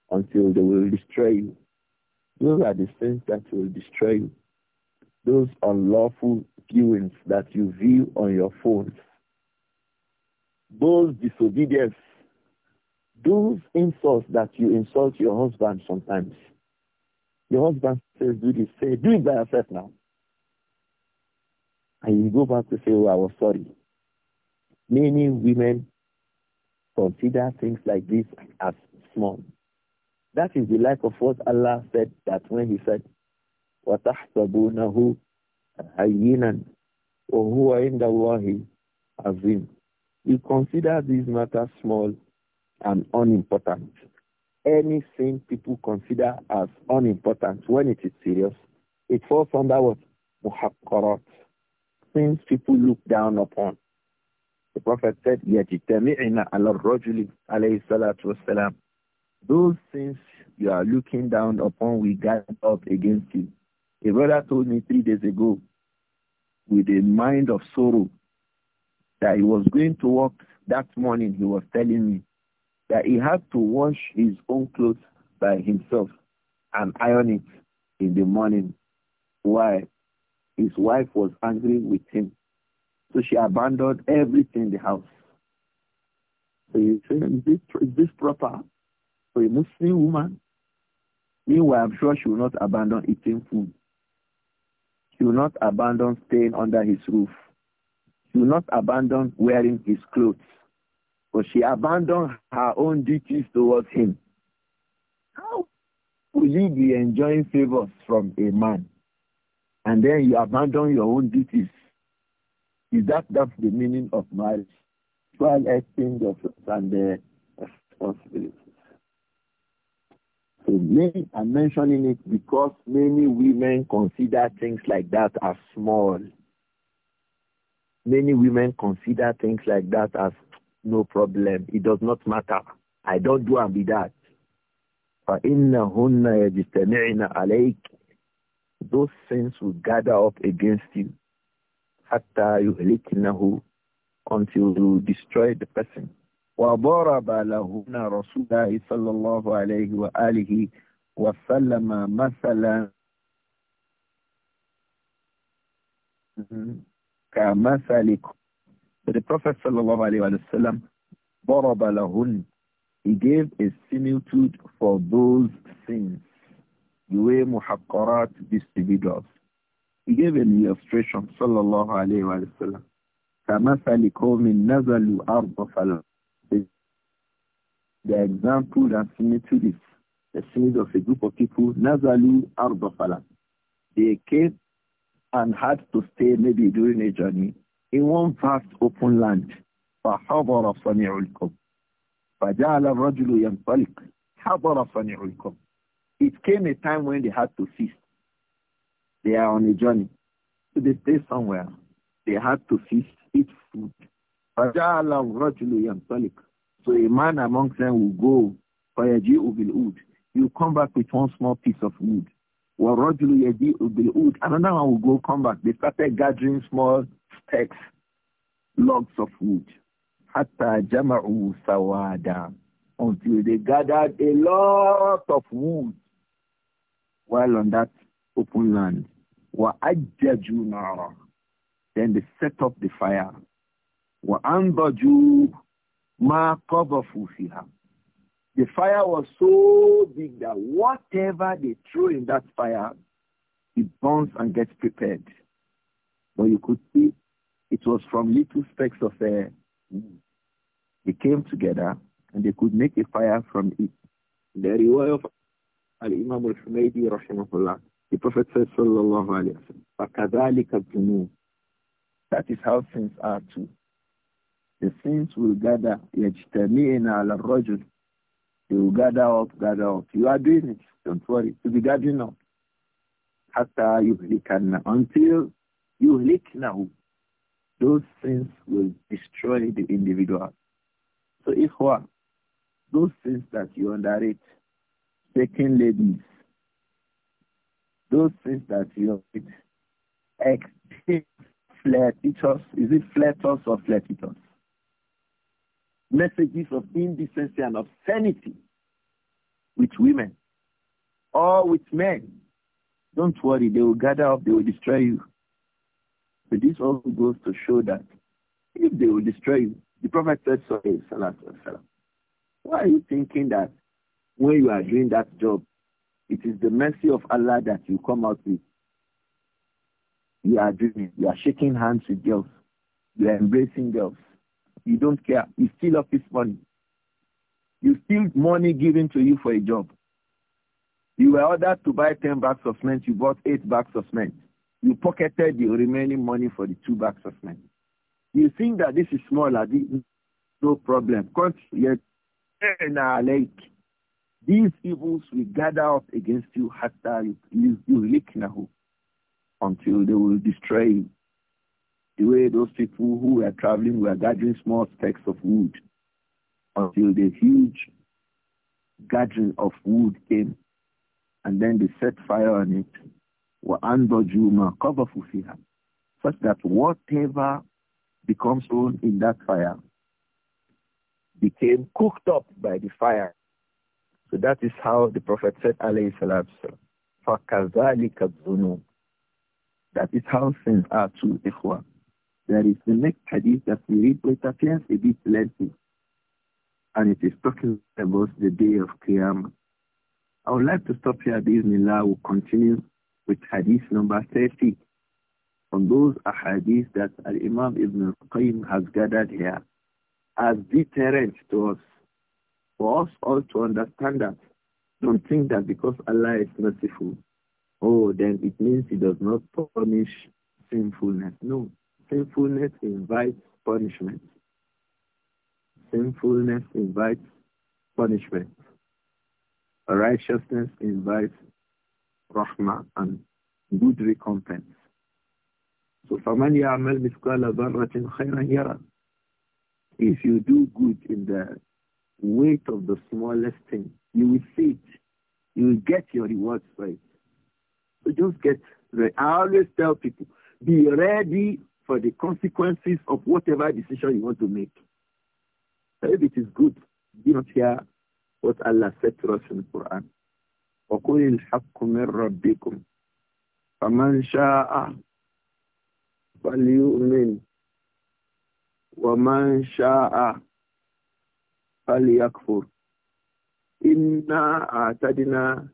Until they will destroy you. Those are the things that will destroy you. Those unlawful viewings that you view on your phones. Those disobedience. Those insults that you insult your husband sometimes. Your husband says, do this, say, do it by yourself now. And you go back to say, oh, I was sorry. Many women consider things like this as small. That is the like of what Allah said that when he said, وَتَحْسَبُونَهُ هَيِّنًا وَهُوَ عِنْدَ اللَّهِ عَظِيمٌ You consider these matters small and unimportant. Any thing people consider as unimportant when it is serious, it falls under what? muhakkarat Things people look down upon. The Prophet said, يَجْتَمِعِنَا عَلَى الرَّجُلِ عَلَيْهِ الصَّلَاةُ وَالسَّلَامُ Those things you are looking down upon, we gather up against you. A brother told me three days ago, with a mind of sorrow, that he was going to work that morning. He was telling me that he had to wash his own clothes by himself and iron it in the morning. Why? His wife was angry with him So she abandoned everything in the house. So you say, is this, is this proper for a Muslim woman? Meanwhile, I'm sure she will not abandon eating food. She will not abandon staying under his roof. She will not abandon wearing his clothes. But she abandoned her own duties towards him. How will you be enjoying favors from a man? And then you abandon your own duties Is that that's the meaning of marriage? Mutual exchange of and responsibilities. So many are mentioning it because many women consider things like that as small. Many women consider things like that as no problem. It does not matter. I don't do and be that. فَإِنَّهُنَّ يَجْتَمِعْنَ عَلَيْكِ Those things will gather up against you. hatta yuhlikinahu until you destroy the person. وضرب لهن رسول الله صلى الله عليه وآله وسلم مثلا كمثل the Prophet صلى الله عليه وسلم ضرب لهن he gave a similitude for those sins. You weigh muhaqqarat, these He gave an illustration, sallallahu alayhi wa sallam. كَمَثَلِ قَوْمٍ نَزَلُوا أَرْضَ فَلَمْ The example similitude is the similitude of a group of people, نَزَلُوا أَرْضَ فَلَمْ They came and had to stay maybe during a journey in one vast open land. فَحَضَرَ صَنِعُ الْقَوْمِ فَجَعَلَ الرَّجُلُ يَنْطَلِقُ حَضَرَ صَنِعُ الْقَوْمِ It came a time when they had to cease they are on a journey. So they stay somewhere. They had to feast, eat food. So a man amongst them will go you come back with one small piece of wood. Another one will go come back. They started gathering small sticks, logs of wood. Until they gathered a lot of wood while on that open land. وَأَجَّجُوا نَارًا Then they set up the fire. وَأَنْضَجُوا مَا قَضَفُوا فِيهَا The fire was so big that whatever they threw in that fire, it burns and gets prepared. But you could see it was from little specks of air. They came together and they could make a fire from it. The reward of Al-Imam al-Humaydi, rahimahullah, the Prophet says, Sallallahu Alaihi Wasallam, That is how sins are too. The sins will gather, يَجْتَمِئِنَا عَلَى الرَّجُلِ They will gather up, gather up. You are doing it, don't worry. To be gathering up. حَتَّى يُهْلِكَنَّا Until يُهْلِكْنَهُ Those sins will destroy the individual. So, ikhwa, those sins that you underrate, taking ladies, those things that you eat, except flatitus, is it flatus or flatitus? Messages of indecency and obscenity with women or with men. Don't worry, they will gather up, they will destroy you. But this also goes to show that if they will destroy you, the Prophet said so, why are you thinking that when you are doing that job, It is the mercy of Allah that you come out with. You are dreaming. You are shaking hands with girls. You are embracing girls. You don't care. You steal office money. You steal money given to you for a job. You were ordered to buy 10 bags of cement. You bought 8 bags of cement. You pocketed the remaining money for the 2 bags of cement. You think that this is smaller. No problem. Continue. These evils will gather up against you hatta yuliknahu, until they will destroy you. The way those people who were traveling were gathering small specks of wood until the huge gathering of wood came and then they set fire on it. وَأَنْضَجُوا cover فِيهَا Such that whatever becomes old in that fire became cooked up by the fire so that is how the Prophet said, alayhi salatu wasalam, That is how things are true, ikhwa. There is the next hadith that we read, but appears a bit lengthy. And it is talking about the day of Qiyamah. I would like to stop here, bismillah, we'll continue with hadith number 30 from those ahadith that Al-Imam Ibn al Qayyim has gathered here as deterrent to us for us all to understand that. Don't think that because Allah is merciful, oh, then it means he does not punish sinfulness. No, sinfulness invites punishment. Sinfulness invites punishment. Righteousness invites rahmah and good recompense. So فَمَنْ يَعْمَلْ مِثْقَالَ ذَرَّةٍ خَيْرًا يَرَى If you do good in the weight of the smallest thing. You will see it. You will get your rewards for it. So just get ready. I always tell people, be ready for the consequences of whatever decision you want to make. If it is good, do not hear what Allah said to us in the Quran. وَقُلِ الْحَقُّ مِنْ رَبِّكُمْ فَمَنْ شَاءَ فَلْيُؤْمِنْ وَمَنْ شَاءَ فليكفر إنا أعتدنا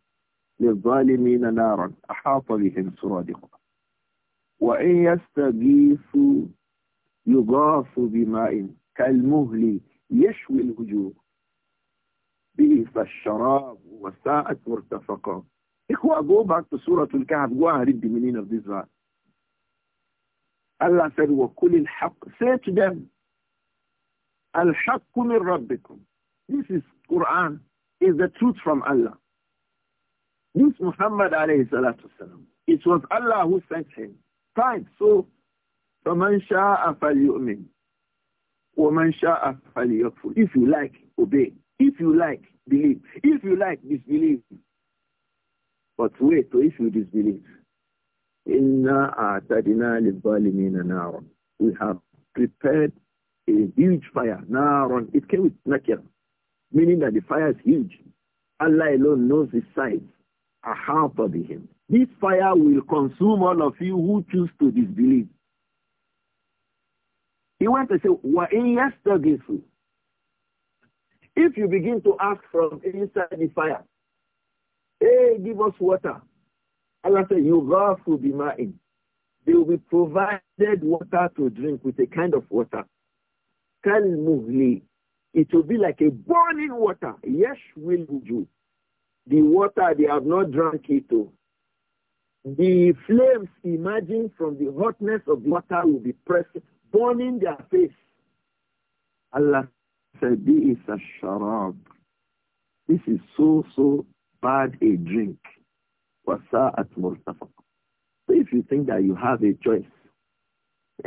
للظالمين نارا أحاط بهم سرادقها وإن يستغيثوا يغاث بماء كالمهل يشوي الوجوه بئس الشراب وساءت مرتفقا إخوة go بعد سورة الكهف جوا هرد منين الرزاق الله سر وَكُلِ الْحَقِّ say Al-Haqqu min Rabbikum. This is Quran, is the truth from Allah. This Muhammad alayhi salatu wasalam, it was Allah who sent him. Fine, so, فَمَنْ شَاءَ فَلْيُؤْمِنْ وَمَنْ شَاءَ فَلْيَكْفُرْ If you like, obey. If you like, believe. If you like, disbelieve. But wait, if you disbelieve. إِنَّا أَعْتَدِنَا لِلظَّالِمِينَ نَارًا We have prepared a huge fire. Naron, it came with Nakira, meaning that the fire is huge. Allah alone knows its size. A half of him. This fire will consume all of you who choose to disbelieve. He went to say, وَإِنْ يَسْتَغِفُ If you begin to ask from inside the fire, hey, give us water. Allah said, be بِمَاءٍ They will be provided water to drink with a kind of water kalmuhli. It will be like a burning water. Yes, will you? The water they have not drunk it. Too. The flames emerging from the hotness of the water will be pressed, burning their face. Allah said, this is a sharab. This is so, so bad a drink. So if you think that you have a choice,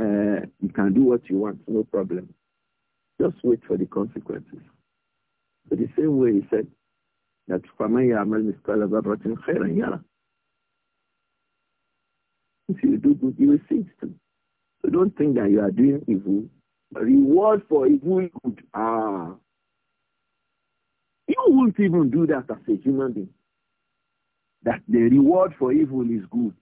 uh, you can do what you want, no problem. Just wait for the consequences. But the same way he said that فَمَنْ يَعْمَلْ مِثْقَالَ ذَرَّةٍ خَيْرًا يَرَى If you do good, you will see it too. So don't think that you are doing evil. Reward for evil good. Ah. You won't even do that as a human being. That the reward for evil is good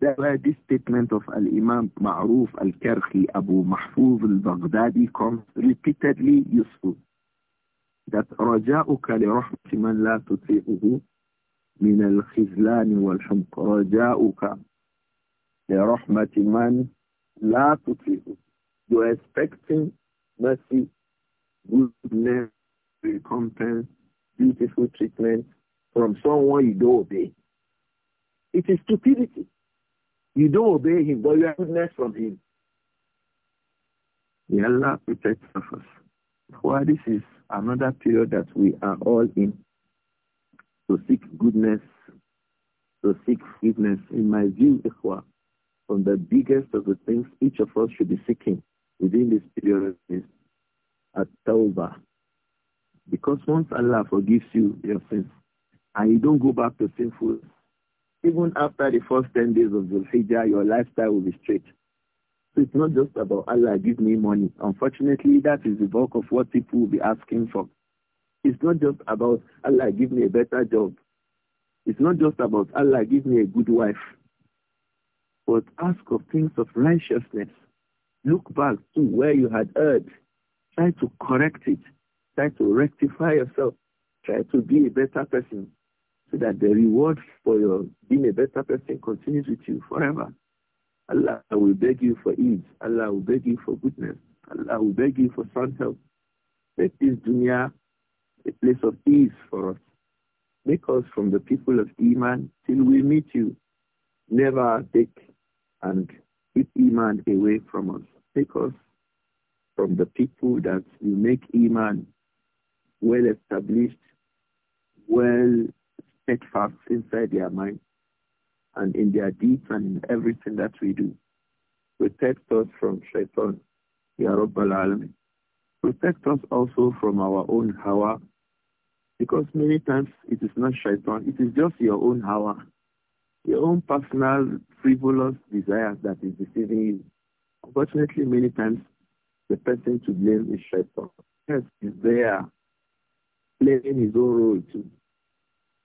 that why this statement of Al-Imam Ma'ruf Al-Karhi Abu Mahfuz Al-Baghdadi comes repeatedly useful. That rahmati رجاؤك لرحمة من لا تطيعه من الخزلان والحمق رجاؤك rahmati من لا تطيعه You are expecting mercy, goodness, recompense, beautiful treatment from someone you don't obey. It is stupidity. You don't obey him, but you have goodness from him. May Allah protect us. Well, this is another period that we are all in to seek goodness, to seek forgiveness. In my view, Ikhwa, from the biggest of the things each of us should be seeking within this period is at tawbah. Because once Allah forgives you your sins and you don't go back to sinful even after the first 10 days of Zulhijjah, your lifestyle will be straight. So it's not just about Allah, give me money. Unfortunately, that is the bulk of what people will be asking for. It's not just about Allah, give me a better job. It's not just about Allah, give me a good wife. But ask of things of righteousness. Look back to where you had erred. Try to correct it. Try to rectify yourself. Try to be a better person so that the reward for your being a better person continues with you forever. Allah will beg you for ease. Allah will beg you for goodness. Allah will beg you for sound help. Make this dunya a place of ease for us. Make us from the people of Iman till we meet you. Never take and keep Iman away from us. Make us from the people that will make Iman well established, well steadfast inside their mind and in their deeds and in everything that we do. Protect us from shaitan, Ya Rabbal Alam. Protect us also from our own hawa, because many times it is not shaitan, it is just your own hawa, your own personal frivolous desires that is deceiving you. Unfortunately, many times the person to blame is shaitan. Yes, is there playing his own role too.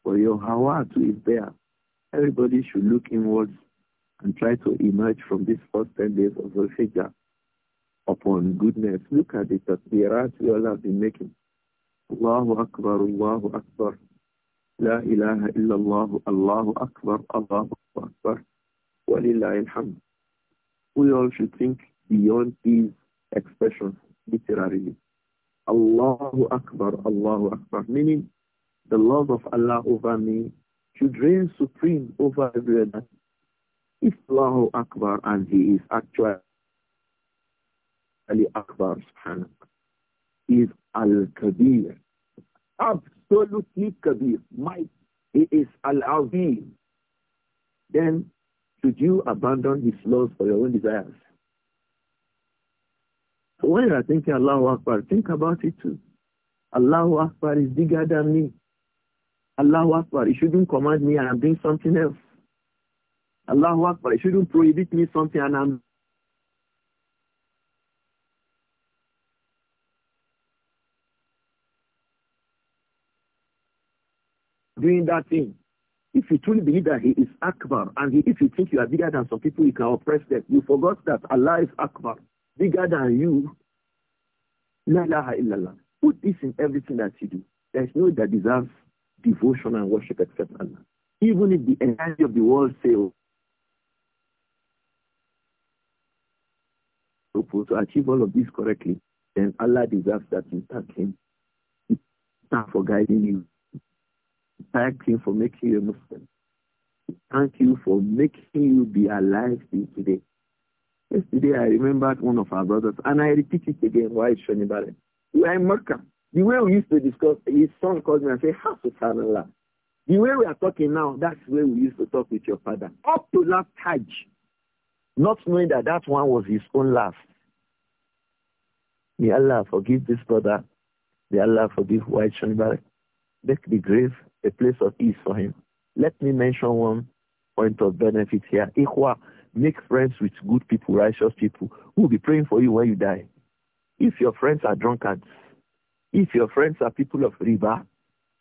For your hawatu is there. Everybody should look inwards and try to emerge from these first 10 days of Zulhijjah upon goodness. Look at the tasbirat we all have been making. Allahu Akbar, Allahu Akbar. La ilaha illallah, Allahu Akbar, Allahu Akbar. Walillahi alhamd. We all should think beyond these expressions literally. Allahu Akbar, Allahu Akbar, meaning the love of Allah over me should reign supreme over everyone. If Allahu Akbar and He is actually Akbar subhanahu is Al-Kabir. Absolutely Kabir. Might. He is Al-Azim. Then should you abandon his laws for your own desires? So when you are thinking Allahu Akbar, think about it too. Allahu Akbar is bigger than me. Allahu Akbar, you shouldn't command me and I'm doing something else. Allahu Akbar, you shouldn't prohibit me something and I'm doing that thing. If you truly believe that he is Akbar, and if you think you are bigger than some people, you can oppress them. You forgot that Allah is Akbar, bigger than you. La ilaha illallah. Put this in everything that you do. There is no that deserves devotion and worship except Allah. Even if the energy of the world fails, oh, to achieve all of this correctly, then Allah deserves that you thank Him. thank for guiding you. Thank Him for making you a Muslim. thank you for making you be alive till today. Yesterday I remembered one of our brothers, and I repeat it again, why it's Why We are in Mecca. The way we used to discuss, his son called me and said, how subhanallah. The way we are talking now, that's the way we used to talk with your father. Up to last Hajj, not knowing that that one was his own last. May Allah forgive this brother. May Allah forgive White Shanibar. Make the grave a place of ease for him. Let me mention one point of benefit here. Ikhwa, make friends with good people, righteous people, who will be praying for you when you die. If your friends are drunkards, If your friends are people of riba,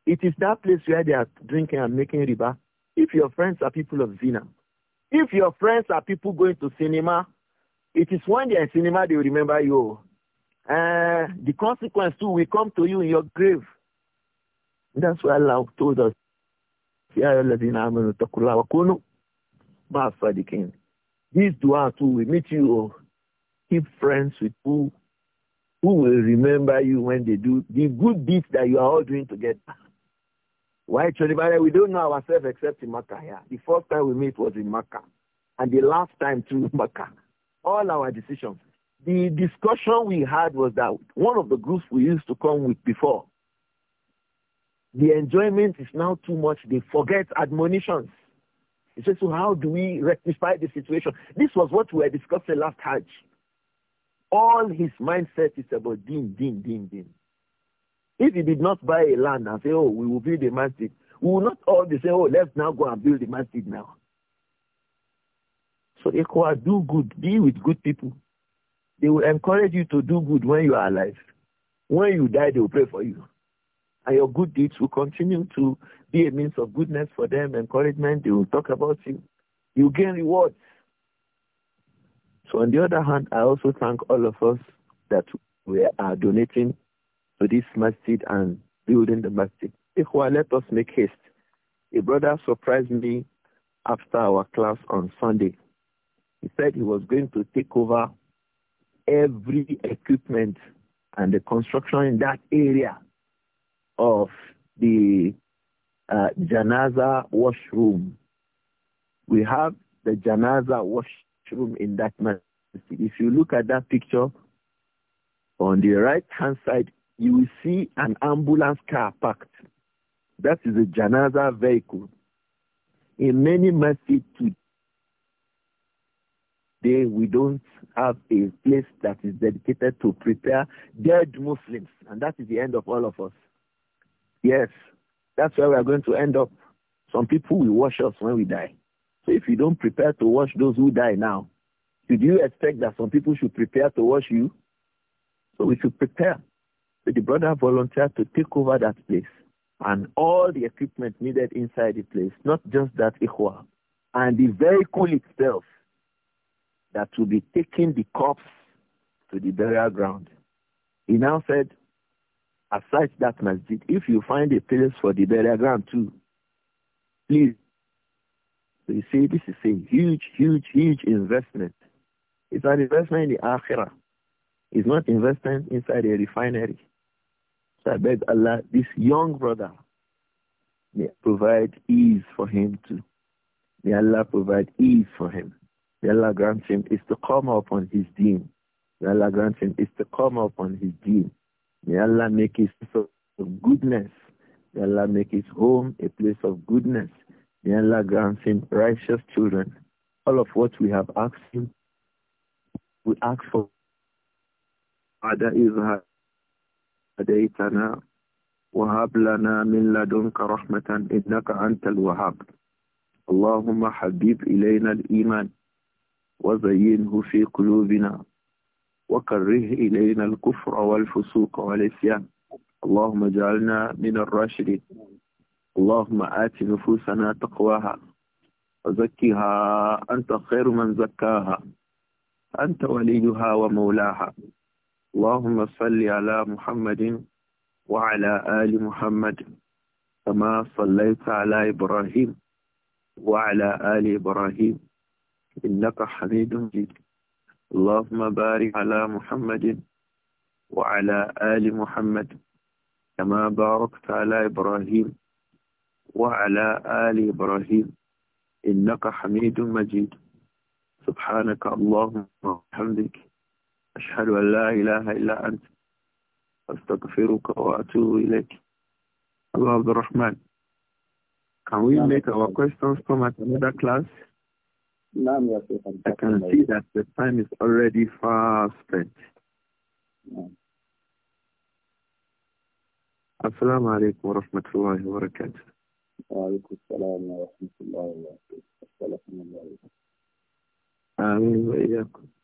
it is that place where they are drinking and making riba. If your friends are people of zina, if your friends are people going to cinema, it is when they are in cinema they will remember you. Uh, the consequence too will come to you in your grave. That's why Allah told us, These الذين آمنوا dua too will meet you. Oh. Keep friends with who who will remember you when they do the good deeds that you are all doing together. Why, Chodibare, we don't know ourselves except in Makkah Yeah. The first time we met was in Makkah, and the last time through Makkah. All our decisions. The discussion we had was that one of the groups we used to come with before, the enjoyment is now too much. They forget admonitions. He says, so how do we rectify the situation? This was what we were discussing last Hajj. All his mindset is about din, din, din, din. If he did not buy a land and say, oh, we will build a masjid, we will not all be saying, oh, let's now go and build a masjid now. So Ekoa, do good. Be with good people. They will encourage you to do good when you are alive. When you die, they will pray for you. And your good deeds will continue to be a means of goodness for them, encouragement. They will talk about you. You gain rewards. So on the other hand, I also thank all of us that we are donating to this masjid and building the masjid. Ikhwa, let us make haste. A brother surprised me after our class on Sunday. He said he was going to take over every equipment and the construction in that area of the uh, janaza washroom. We have the janaza washroom room in that masjid. If you look at that picture, on the right-hand side, you will see an ambulance car parked. That is a janaza vehicle. In many masjids today, we don't have a place that is dedicated to prepare dead Muslims. And that is the end of all of us. Yes, that's where we are going to end up. Some people will wash us when we die. So if you don't prepare to wash those who die now, should you expect that some people should prepare to wash you? So we should prepare. So the brother volunteered to take over that place and all the equipment needed inside the place, not just that ikhwa, and the vehicle itself that will be taking the corpse to the burial ground. He now said, aside that masjid, if you find a place for the burial ground too, please so you see, this is a huge, huge, huge investment. It's an investment in the akhirah. It's not investment inside a refinery. So I beg Allah, this young brother, may provide ease for him too. May Allah provide ease for him. May Allah grant him is to come upon his deen. May Allah grant him is to come upon his deen. May Allah make his soul of goodness. May Allah make his home a place of goodness. Then Allah grants him righteous children. All of what we have asked him, we ask for. Father isha, Father Itana, Wahab lana min ladunka rahmatan innaka antal wahab. Allahumma habib ilayna al-iman wa zayyinhu fi kulubina wa karrih ilayna al-kufra wal-fusuq wal-isyan. Allahumma jalna min al-rashidin. اللهم آت نفوسنا تقواها وزكها أنت خير من زكاها أنت وليها ومولاها اللهم صل على محمد وعلى آل محمد كما صليت على إبراهيم وعلى آل إبراهيم إنك حميد مجيد اللهم بارك على محمد وعلى آل محمد كما باركت على إبراهيم وعلى آل إبراهيم إنك حميد مجيد سبحانك اللهم وبحمدك أشهد أن لا إله إلا أنت أستغفرك وأتوب إليك أبو عبد الرحمن Can we نعم. make our questions come at another class? نعم I can see that the time is already far spent. نعم. السلام عليكم ورحمة الله وبركاته وعليكم السلام ورحمة الله وبركاته السلام عليكم آمين وإياكم